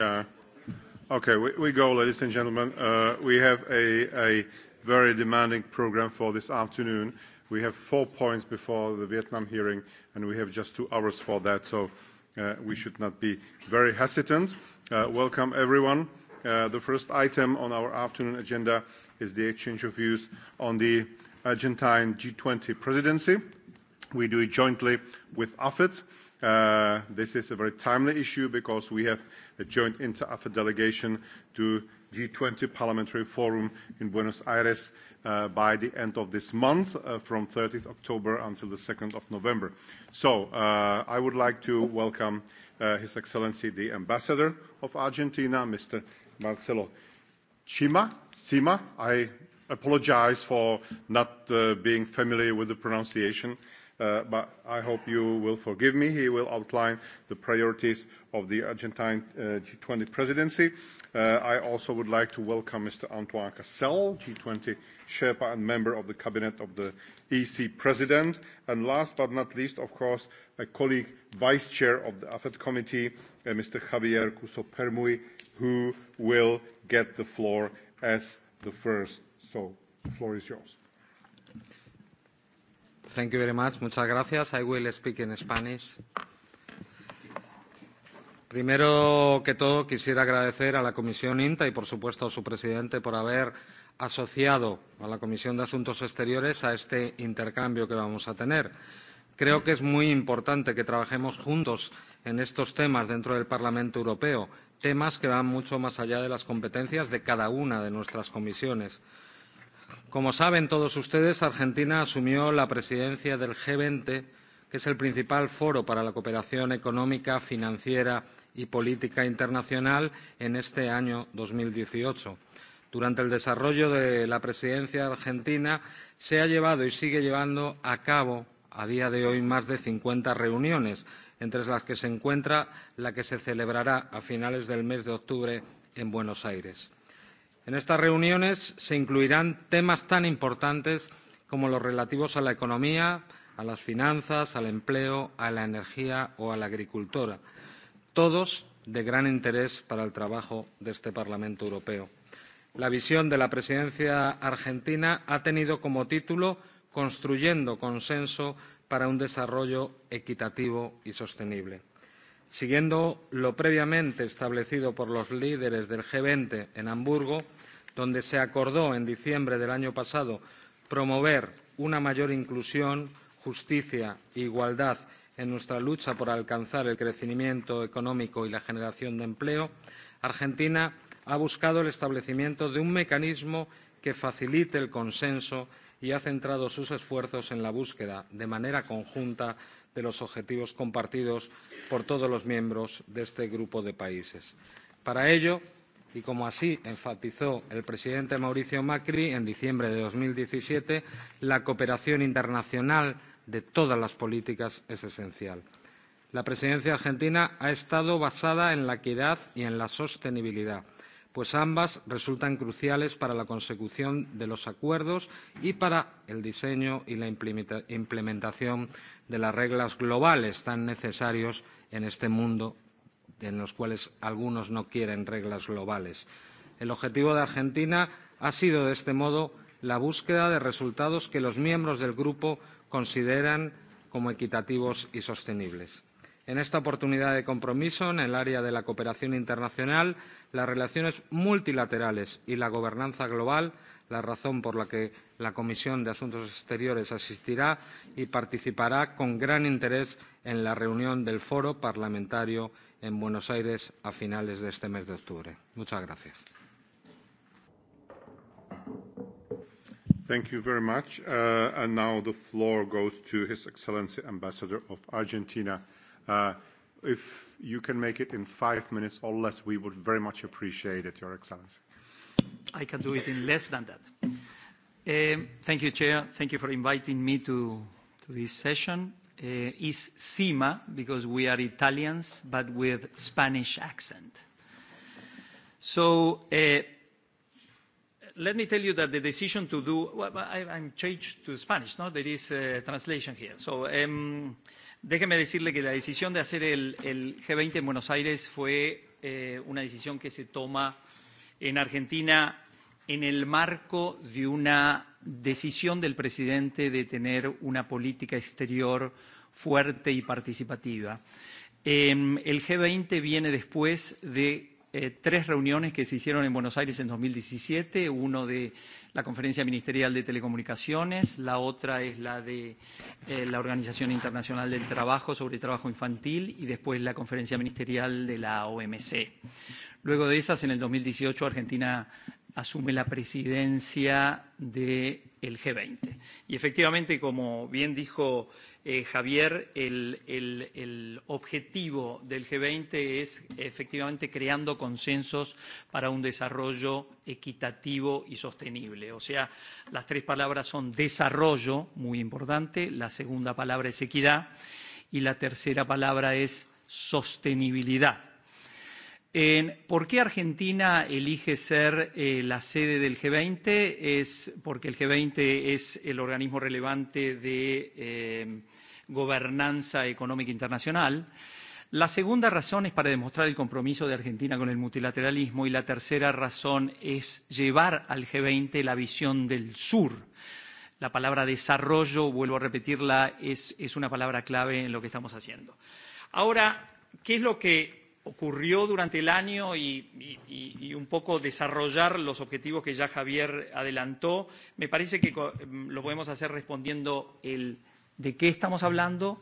Yeah. Uh, okay, we, go, ladies and gentlemen. Uh, we have a, very demanding program for this afternoon. We have four points before the Vietnam hearing, and we have just two hours for that, so uh, we should not be very hesitant. welcome, everyone. the first item on our afternoon agenda is the exchange of views on the Argentine G20 presidency. We do it jointly with AFET. this is a very timely issue because we have a joint inter-AFA delegation to G20 Parliamentary Forum in Buenos Aires uh, by the end of this month, uh, from 30th October until the 2nd of November. So uh, I would like to welcome uh, His Excellency the Ambassador of Argentina, Mr. Marcelo Chima. Sima, I apologize for not uh, being familiar with the pronunciation. Uh, Uh, but I hope you will forgive me. He will outline the priorities of the Argentine uh, G20 presidency. Uh, I also would like to welcome Mr. Antoine Cassel, G20 Sherpa and member of the cabinet of the EC president. And last but not least, of course, my colleague, vice chair of the AFET committee, uh, Mr. Javier Cuso Permui, who will get the floor as the first. So the floor is yours. Thank you very much. Muchas gracias. I will speak in Spanish. Primero que todo, quisiera agradecer a la Comisión INTA y, por supuesto, a su presidente por haber asociado a la Comisión de Asuntos Exteriores a este intercambio que vamos a tener. Creo que es muy importante que trabajemos juntos en estos temas dentro del Parlamento Europeo, temas que van mucho más allá de las competencias de cada una de nuestras comisiones. Como saben todos ustedes, Argentina asumió la presidencia del G20, que es el principal foro para la cooperación económica, financiera y política internacional en este año 2018. Durante el desarrollo de la presidencia argentina se ha llevado y sigue llevando a cabo a día de hoy más de 50 reuniones, entre las que se encuentra la que se celebrará a finales del mes de octubre en Buenos Aires. En estas reuniones se incluirán temas tan importantes como los relativos a la economía, a las finanzas, al empleo, a la energía o a la agricultura, todos de gran interés para el trabajo de este Parlamento Europeo. La visión de la presidencia argentina ha tenido como título Construyendo consenso para un desarrollo equitativo y sostenible siguiendo lo previamente establecido por los líderes del G20 en Hamburgo, donde se acordó en diciembre del año pasado promover una mayor inclusión, justicia e igualdad en nuestra lucha por alcanzar el crecimiento económico y la generación de empleo, Argentina ha buscado el establecimiento de un mecanismo que facilite el consenso y ha centrado sus esfuerzos en la búsqueda, de manera conjunta, de los objetivos compartidos por todos los miembros de este grupo de países. Para ello, y como así enfatizó el presidente Mauricio Macri en diciembre de 2017, la cooperación internacional de todas las políticas es esencial. La presidencia argentina ha estado basada en la equidad y en la sostenibilidad pues ambas resultan cruciales para la consecución de los acuerdos y para el diseño y la implementación de las reglas globales tan necesarios en este mundo en los cuales algunos no quieren reglas globales. El objetivo de Argentina ha sido, de este modo, la búsqueda de resultados que los miembros del grupo consideran como equitativos y sostenibles. En esta oportunidad de compromiso, en el área de la cooperación internacional, las relaciones multilaterales y la gobernanza global, la razón por la que la Comisión de Asuntos Exteriores asistirá y participará con gran interés en la reunión del Foro Parlamentario en Buenos Aires a finales de este mes de octubre. Muchas gracias. Thank you very much. Uh, and now the floor goes to His Excellency Ambassador of Argentina. Uh, if you can make it in five minutes or less, we would very much appreciate it, Your Excellency. I can do it in less than that. Um, thank you, Chair. Thank you for inviting me to, this session. Uh, it's is SIMA, because we are Italians, but with Spanish accent. So uh, let me tell you that the decision to do... Well, I'm changed to Spanish, no? There is a translation here. So... Um, Déjeme decirle que la decisión de hacer el, el G20 en Buenos Aires fue eh, una decisión que se toma en Argentina en el marco de una decisión del presidente de tener una política exterior fuerte y participativa. Eh, el G20 viene después de eh, tres reuniones que se hicieron en Buenos Aires en 2017, uno de la Conferencia Ministerial de Telecomunicaciones, la otra es la de eh, la Organización Internacional del Trabajo sobre Trabajo Infantil y después la Conferencia Ministerial de la OMC. Luego de esas, en el 2018, Argentina asume la presidencia del de G20. Y efectivamente, como bien dijo Eh, Javier, el, el, el objetivo del G20 es efectivamente creando consensos para un desarrollo equitativo y sostenible. O sea, las tres palabras son desarrollo, muy importante, la segunda palabra es equidad y la tercera palabra es sostenibilidad Eh, ¿Por qué Argentina elige ser eh, la sede del G20? Es porque el G20 es el organismo relevante de eh, gobernanza económica internacional. La segunda razón es para demostrar el compromiso de Argentina con el multilateralismo y la tercera razón es llevar al G20 la visión del sur. La palabra desarrollo, vuelvo a repetirla, es, es una palabra clave en lo que estamos haciendo. Ahora, ¿qué es lo que ocurrió durante el año y, y, y un poco desarrollar los objetivos que ya Javier adelantó. Me parece que lo podemos hacer respondiendo el de qué estamos hablando,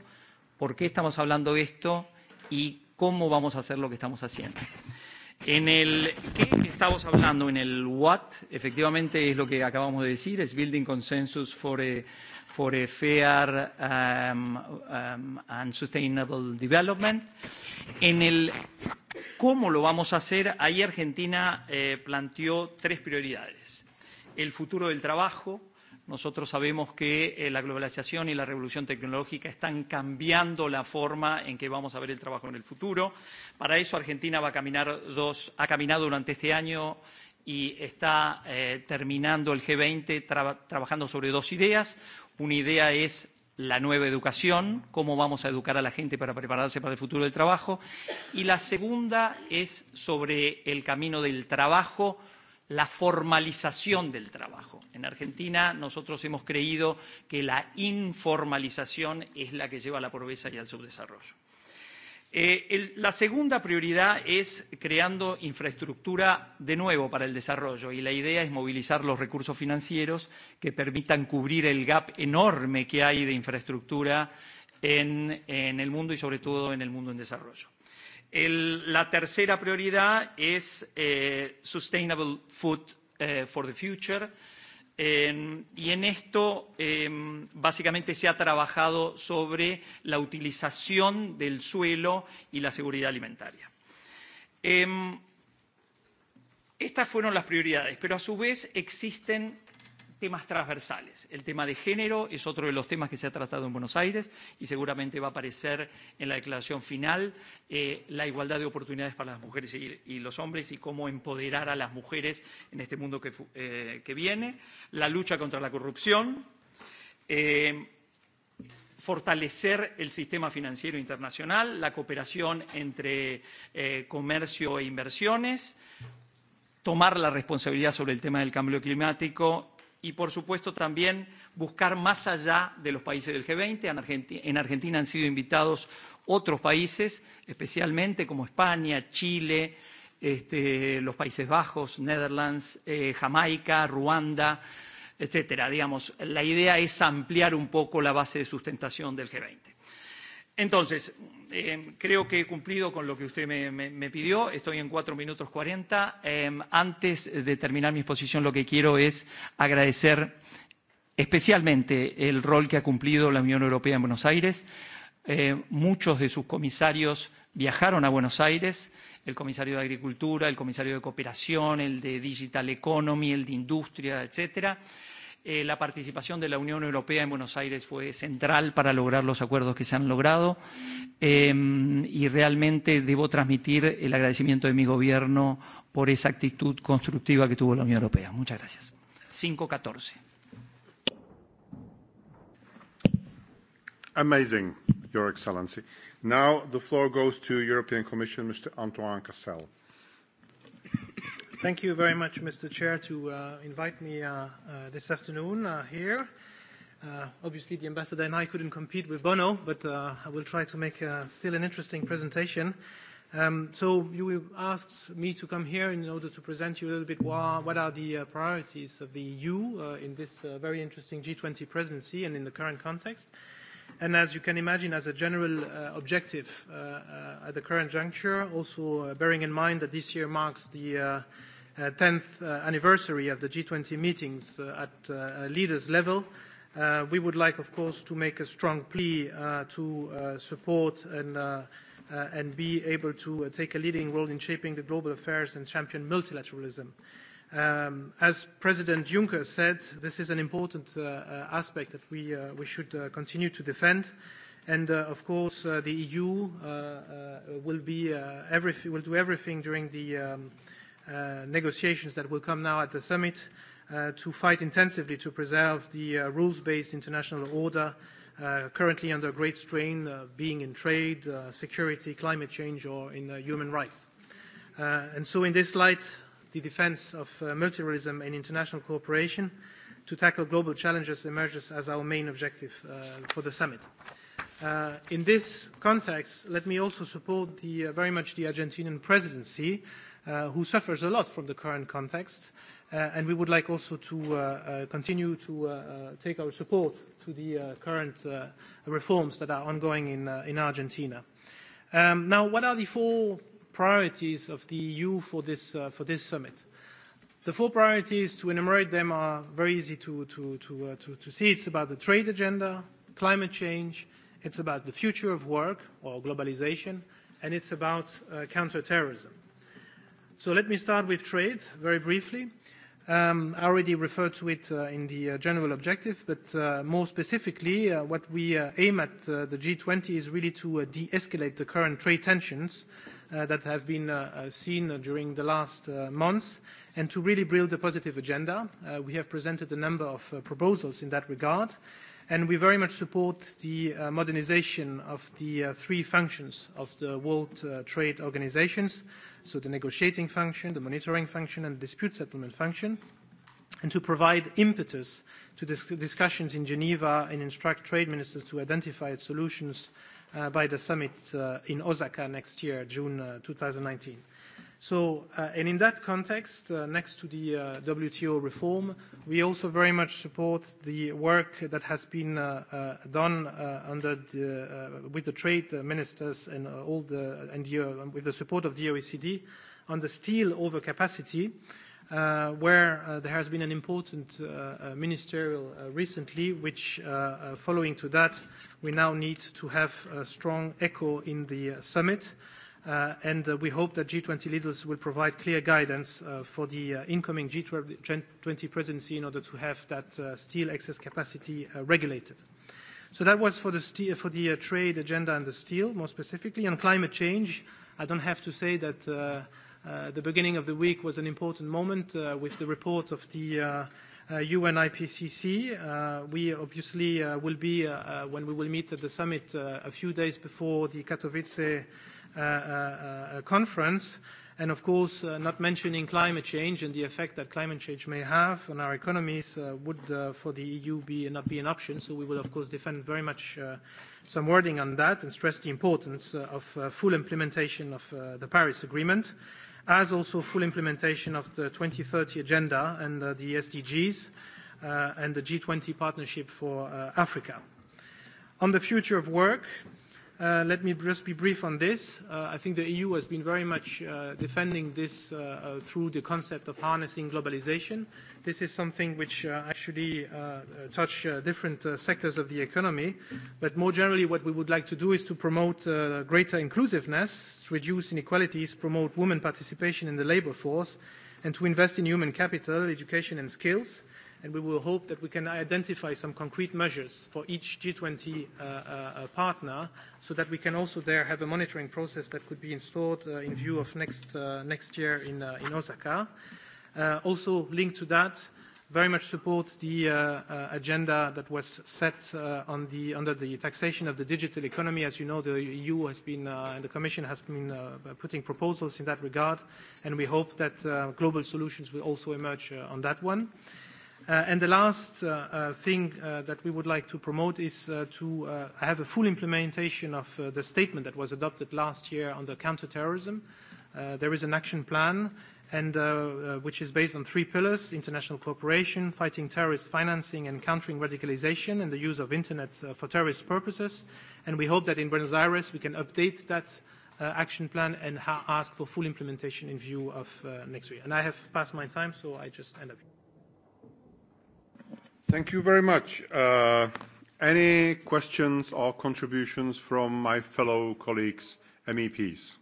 por qué estamos hablando esto y cómo vamos a hacer lo que estamos haciendo. En el qué estamos hablando, en el what, efectivamente es lo que acabamos de decir, es building consensus for a, for a fair um, um, and sustainable development. En el cómo lo vamos a hacer, ahí Argentina eh, planteó tres prioridades. El futuro del trabajo, Nosotros sabemos que eh, la globalización y la revolución tecnológica están cambiando la forma en que vamos a ver el trabajo en el futuro. Para eso Argentina va a caminar dos, ha caminado durante este año y está eh, terminando el G20 tra trabajando sobre dos ideas. Una idea es la nueva educación, cómo vamos a educar a la gente para prepararse para el futuro del trabajo. Y la segunda es sobre el camino del trabajo la formalización del trabajo. En Argentina nosotros hemos creído que la informalización es la que lleva a la pobreza y al subdesarrollo. Eh, el, la segunda prioridad es creando infraestructura de nuevo para el desarrollo y la idea es movilizar los recursos financieros que permitan cubrir el gap enorme que hay de infraestructura en, en el mundo y sobre todo en el mundo en desarrollo. El, la tercera prioridad es eh, Sustainable Food eh, for the Future. Eh, y en esto eh, básicamente se ha trabajado sobre la utilización del suelo y la seguridad alimentaria. Eh, estas fueron las prioridades, pero a su vez existen temas transversales. El tema de género es otro de los temas que se ha tratado en Buenos Aires y seguramente va a aparecer en la declaración final eh, la igualdad de oportunidades para las mujeres y, y los hombres y cómo empoderar a las mujeres en este mundo que, eh, que viene, la lucha contra la corrupción, eh, fortalecer el sistema financiero internacional, la cooperación entre eh, comercio e inversiones, tomar la responsabilidad sobre el tema del cambio climático y, por supuesto, también buscar más allá de los países del G20. En Argentina, han sido invitados otros países, especialmente como España, Chile, este, los Países Bajos, Netherlands, eh, Jamaica, Ruanda, etcétera. Digamos, la idea es ampliar un poco la base de sustentación del G20. Entonces, eh, creo que he cumplido con lo que usted me, me, me pidió. Estoy en cuatro minutos cuarenta. Eh, antes de terminar mi exposición, lo que quiero es agradecer especialmente el rol que ha cumplido la Unión Europea en Buenos Aires. Eh, muchos de sus comisarios viajaron a Buenos Aires, el comisario de Agricultura, el comisario de Cooperación, el de Digital Economy, el de Industria, etcétera. Eh, la participación de la Unión Europea en Buenos Aires fue central para lograr los acuerdos que se han logrado eh, y realmente debo transmitir el agradecimiento de mi gobierno por esa actitud constructiva que tuvo la Unión Europea. Muchas gracias. 514. Amazing, Your Excellency. Now the floor goes to European Commission, Mr. Antoine Cassel. Thank you very much, Mr. Chair, to uh, invite me uh, uh, this afternoon uh, here. Uh, obviously, the ambassador and I couldn't compete with Bono, but uh, I will try to make uh, still an interesting presentation. Um, so you asked me to come here in order to present you a little bit wha what are the uh, priorities of the EU uh, in this uh, very interesting G20 presidency and in the current context. And as you can imagine, as a general uh, objective uh, uh, at the current juncture, also uh, bearing in mind that this year marks the uh, uh, 10th uh, anniversary of the G20 meetings uh, at uh, leaders level, uh, we would like, of course, to make a strong plea uh, to uh, support and, uh, uh, and be able to uh, take a leading role in shaping the global affairs and champion multilateralism. Um, as President Juncker said, this is an important uh, uh, aspect that we, uh, we should uh, continue to defend. And uh, of course, uh, the EU uh, uh, will, be, uh, will do everything during the um, Uh, negotiations that will come now at the summit uh, to fight intensively to preserve the uh, rules-based international order uh, currently under great strain, uh, being in trade, uh, security, climate change, or in uh, human rights. Uh, and so in this light, the defense of uh, multilateralism and international cooperation to tackle global challenges emerges as our main objective uh, for the summit. Uh, in this context, let me also support the, uh, very much the Argentinian presidency uh, who suffers a lot from the current context. Uh, and we would like also to uh, uh, continue to uh, uh, take our support to the uh, current uh, reforms that are ongoing in, uh, in Argentina. Um, now, what are the four priorities of the EU for this, uh, for this summit? The four priorities, to enumerate them, are very easy to, to, to, uh, to, to see. It's about the trade agenda, climate change, it's about the future of work or globalization, and it's about uh, counterterrorism. So let me start with trade very briefly. Um, I already referred to it uh, in the uh, general objective, but uh, more specifically, uh, what we uh, aim at uh, the G20 is really to de-escalate the current trade tensions that have been seen during the last months and to really build a positive agenda. We have presented a number of proposals in that regard and we very much support the modernisation uh, modernization of the uh, three functions of the World uh, Trade Organisation, so the negotiating function, the monitoring function, and the dispute settlement function, and to provide impetus to discussions in Geneva and instruct trade ministers to identify solutions by the summit in Osaka next year, June 2019. So, uh, and in that context, uh, next to the uh, WTO reform, we also very much support the work that has been uh, uh, done uh, under the, with the trade ministers and all the, and the, with the support of the OECD on the steel overcapacity, where there has been an important ministerial recently, which, following to that, we now need to have a strong echo in the summit. Uh, and uh, we hope that G20 leaders will provide clear guidance uh, for the incoming G20 presidency in order to have that steel excess capacity regulated. So that was for the trade agenda and the steel, more specifically. On climate change, I don't have to say that the beginning of the week was an important moment with the report of the UN IPCC. We obviously will be, when we will meet at the summit a few days before the Katowice Uh, uh, uh, conference. And of course, uh, not mentioning climate change and the effect that climate change may have on our economies uh, would, uh, for the EU, be, not be an option. So we will, of course, defend very much some wording on that and stress the importance of full implementation of the Paris Agreement, as also full implementation of the 2030 Agenda and the SDGs and the G20 Partnership for Africa. On the future of work, Uh, let me just be brief on this. Uh, I think the EU has been very much uh, defending this uh, uh, through the concept of harnessing globalization. This is something which actually touch different sectors of the economy. But more generally, what we would like to do is to promote greater inclusiveness, to reduce inequalities, promote women participation in the labor force, and to invest in human capital, education, and skills and we will hope that we can identify some concrete measures for each G20 uh, uh, uh, partner so that we can also there have a monitoring process that could be installed uh, in view of next, uh, next year in, uh, in Osaka. Uh, also linked to that, very much support the uh, uh, agenda that was set uh, on the, under the taxation of the digital economy. As you know, the EU has been, uh, and the Commission has been uh, putting proposals in that regard, and we hope that uh, global solutions will also emerge uh, on that one. Uh, Uh, and the last uh, uh, thing that we would like to promote is to have a full implementation of the statement that was adopted last year on the counterterrorism. There is an action plan and which is based on three pillars: international cooperation, fighting terrorist financing, and countering radicalization, and the use of internet for terrorist purposes. we hope that in Buenos Aires, we can update that action plan and ask for full implementation in view of next year. I have passed my time, so I just end up here. Thank you very much. Uh, any questions or contributions from my fellow colleagues, MEPs?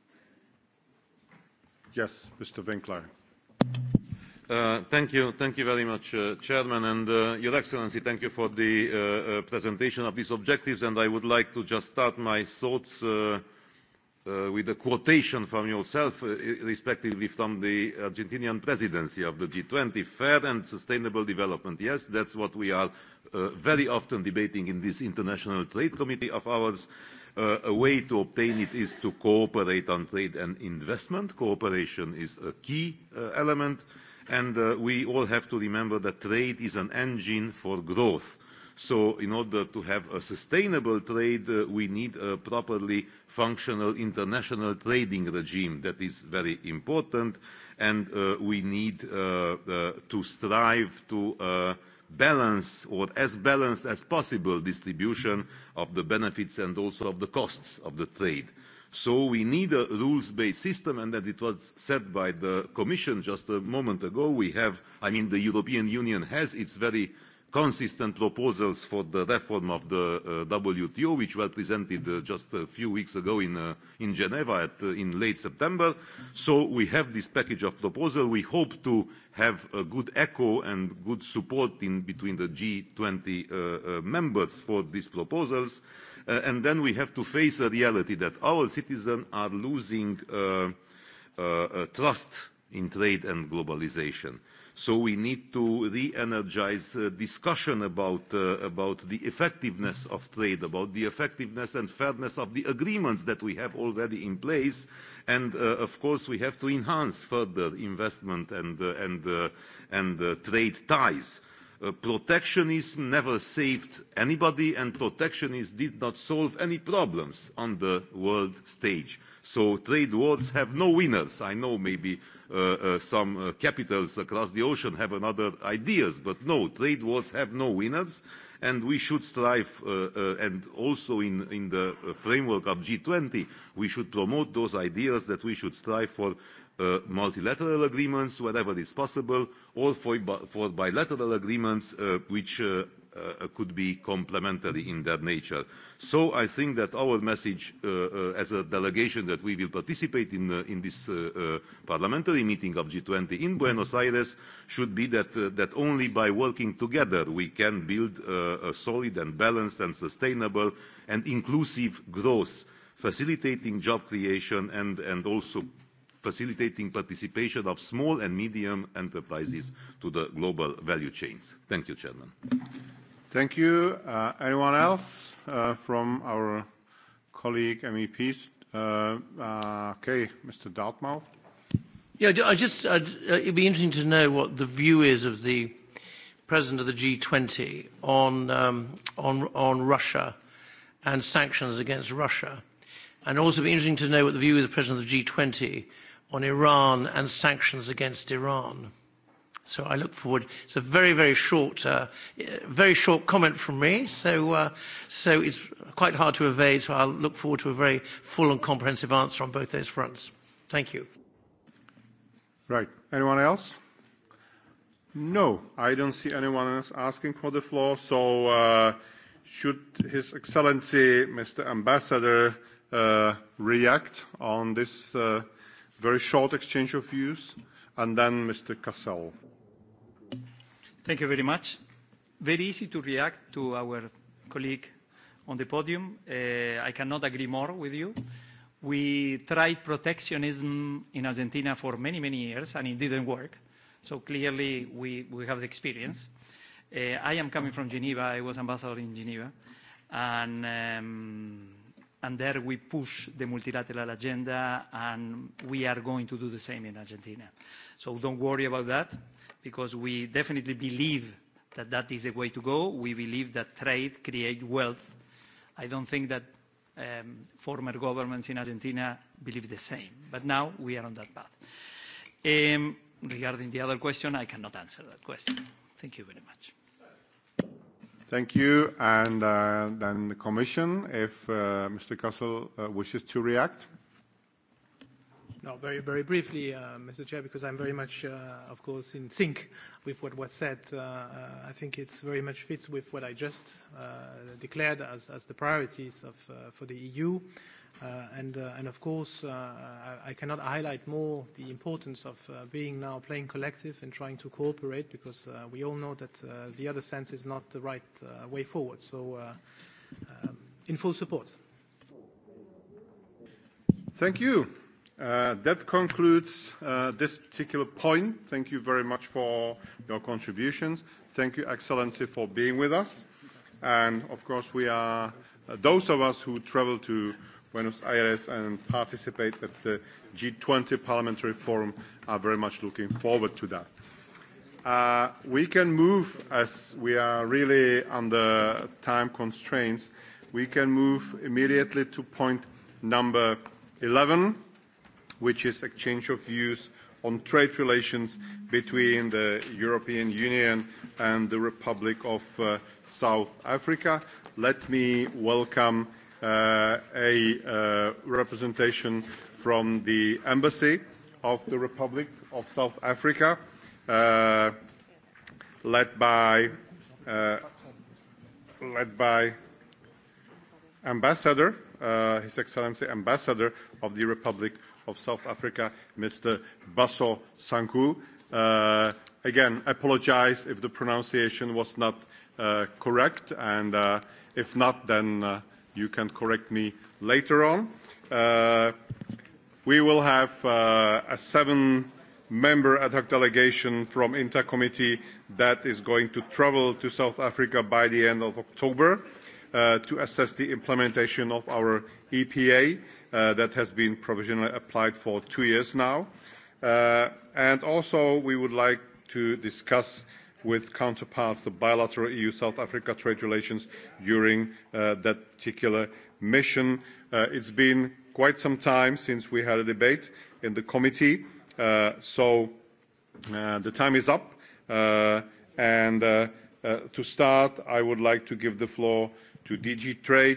Yes, Mr. Winkler. Uh, thank you. Thank you very much, uh, Chairman. And uh, Your Excellency, thank you for the uh, uh, presentation of these objectives. And I would like to just start my thoughts uh, uh, with a quotation from yourself, uh, respectively from the Argentinian presidency of the G20, fair and sustainable development. Yes, that's what we are uh, very often debating in this International Trade Committee of ours. Uh, a way to obtain it is to cooperate on trade and investment. Cooperation is a key uh, element, and uh, we all have to remember that trade is an engine for growth So in order to have a sustainable trade, uh, we need a properly functional international trading regime. That is very important. And uh, we need uh, uh, to strive to uh, balance or as balanced as possible distribution of the benefits and also of the costs of the trade. So we need a rules-based system, and that it was said by the Commission just a moment ago. We have, I mean, the European Union has its very consistent proposals for the reform of the uh, WTO, which were presented uh, just a few weeks ago in, uh, in Geneva at, uh, in late September. So we have this package of proposals. We hope to have a good echo and good support in between the G20 uh, uh, members for these proposals. Uh, and then we have to face a reality that our citizens are losing uh, uh, uh, trust in trade and globalization. Uh, So we need to re-energize uh, discussion about, uh, about the effectiveness of trade, about the effectiveness and fairness of the agreements that we have already in place. And uh, of course, we have to enhance further investment and, uh, and, uh, and uh, trade ties. Uh, protectionism never saved anybody and protectionism did not solve any problems on the world stage. So trade wars have no winners. I know maybe Uh, uh, some uh, capitals across the ocean have another ideas, but no, trade wars have no winners, and we should strive, and also in, in the framework of G20, we should promote those ideas that we should strive for Uh, multilateral agreements wherever it's possible, or for, for bilateral agreements uh, which uh, Uh, uh, could be complementary in their nature. So I think that our message uh, uh, as a delegation that we will participate in, uh, in this uh, uh, parliamentary meeting of G20 in Buenos Aires should be that, uh, that only by working together we can build uh, a solid and balanced and sustainable and inclusive growth, facilitating job creation and, and also facilitating participation of small and medium enterprises to the global value chains. Thank you, Chairman. Thank you. Uh, anyone else uh, from our colleague MEPs? Uh, uh, okay, Mr. Dartmouth. Yeah, I just, I'd, it'd be interesting to know what the view is of the president of the G20 on, um, on, on Russia and sanctions against Russia. And also be interesting to know what the view is of the president of the G20 on Iran and sanctions against Iran. So I look forward. It's a very, very short, uh, very short comment from me. So, uh, so it's quite hard to evade. So I'll look forward to a very full and comprehensive answer on both those fronts. Thank you. Right. Anyone else? No, I don't see anyone else asking for the floor. So, uh, should His Excellency, Mr. Ambassador, uh, react on this uh, very short exchange of views, and then Mr. Cassell. Thank you very much. Very easy to react to our colleague on the podium. Uh, I cannot agree more with you. We tried protectionism in Argentina for many, many years, and it didn't work. So clearly, we, we have the experience. Uh, I am coming from Geneva. I was ambassador in Geneva. And, um, and there we push the multilateral agenda, and we are going to do the same in Argentina. So don't worry about that because we definitely believe that that is the way to go. We believe that trade creates wealth. I don't think that um, former governments in Argentina believe the same, but now we are on that path. Um, regarding the other question, I cannot answer that question. Thank you very much. Thank you. And uh, then the commission, if uh, Mr. Castle uh, wishes to react. No, very, very briefly, uh, Mr. Chair, because I'm very much, uh, of course, in sync with what was said. Uh, uh I think it very much fits with what I just uh, declared as, as the priorities of, uh, for the EU. Uh, And, uh, and of course, uh, I, I cannot highlight more the importance of uh, being now playing collective and trying to cooperate, because uh, we all know that uh, the other sense is not the right uh, way forward. So, uh, um, in full support. Thank you. Uh, that concludes uh, this particular point. Thank you very much for your contributions. Thank you, Excellency, for being with us. And of course, we are uh, those of us who travel to Buenos Aires and participate at the G20 Parliamentary Forum are very much looking forward to that. we can move as we are really under time constraints. We can move immediately to point number 11 which is exchange of views on trade relations between the European Union and the Republic of uh, South Africa. Let me welcome uh, a uh, representation from the Embassy of the Republic of South Africa, uh, led by uh, led by Ambassador, uh, His Excellency Ambassador of the Republic of South Africa, Mr. Baso Sanku. Uh, again, apologize if the pronunciation was not uh, correct, and uh, if not, then uh, you can correct me later on. Uh, we will have uh, a seven member ad hoc delegation from INTA committee that is going to travel to South Africa by the end of October uh, to assess the implementation of our EPA. Uh, that has been provisionally applied for two years now. Uh, and also, we would like to discuss with counterparts the bilateral EU-South Africa trade relations during uh, that particular mission. Uh, it's been quite some time since we had a debate in the committee, uh, so uh, the time is up. Uh, and uh, uh, to start, I would like to give the floor to DG Trade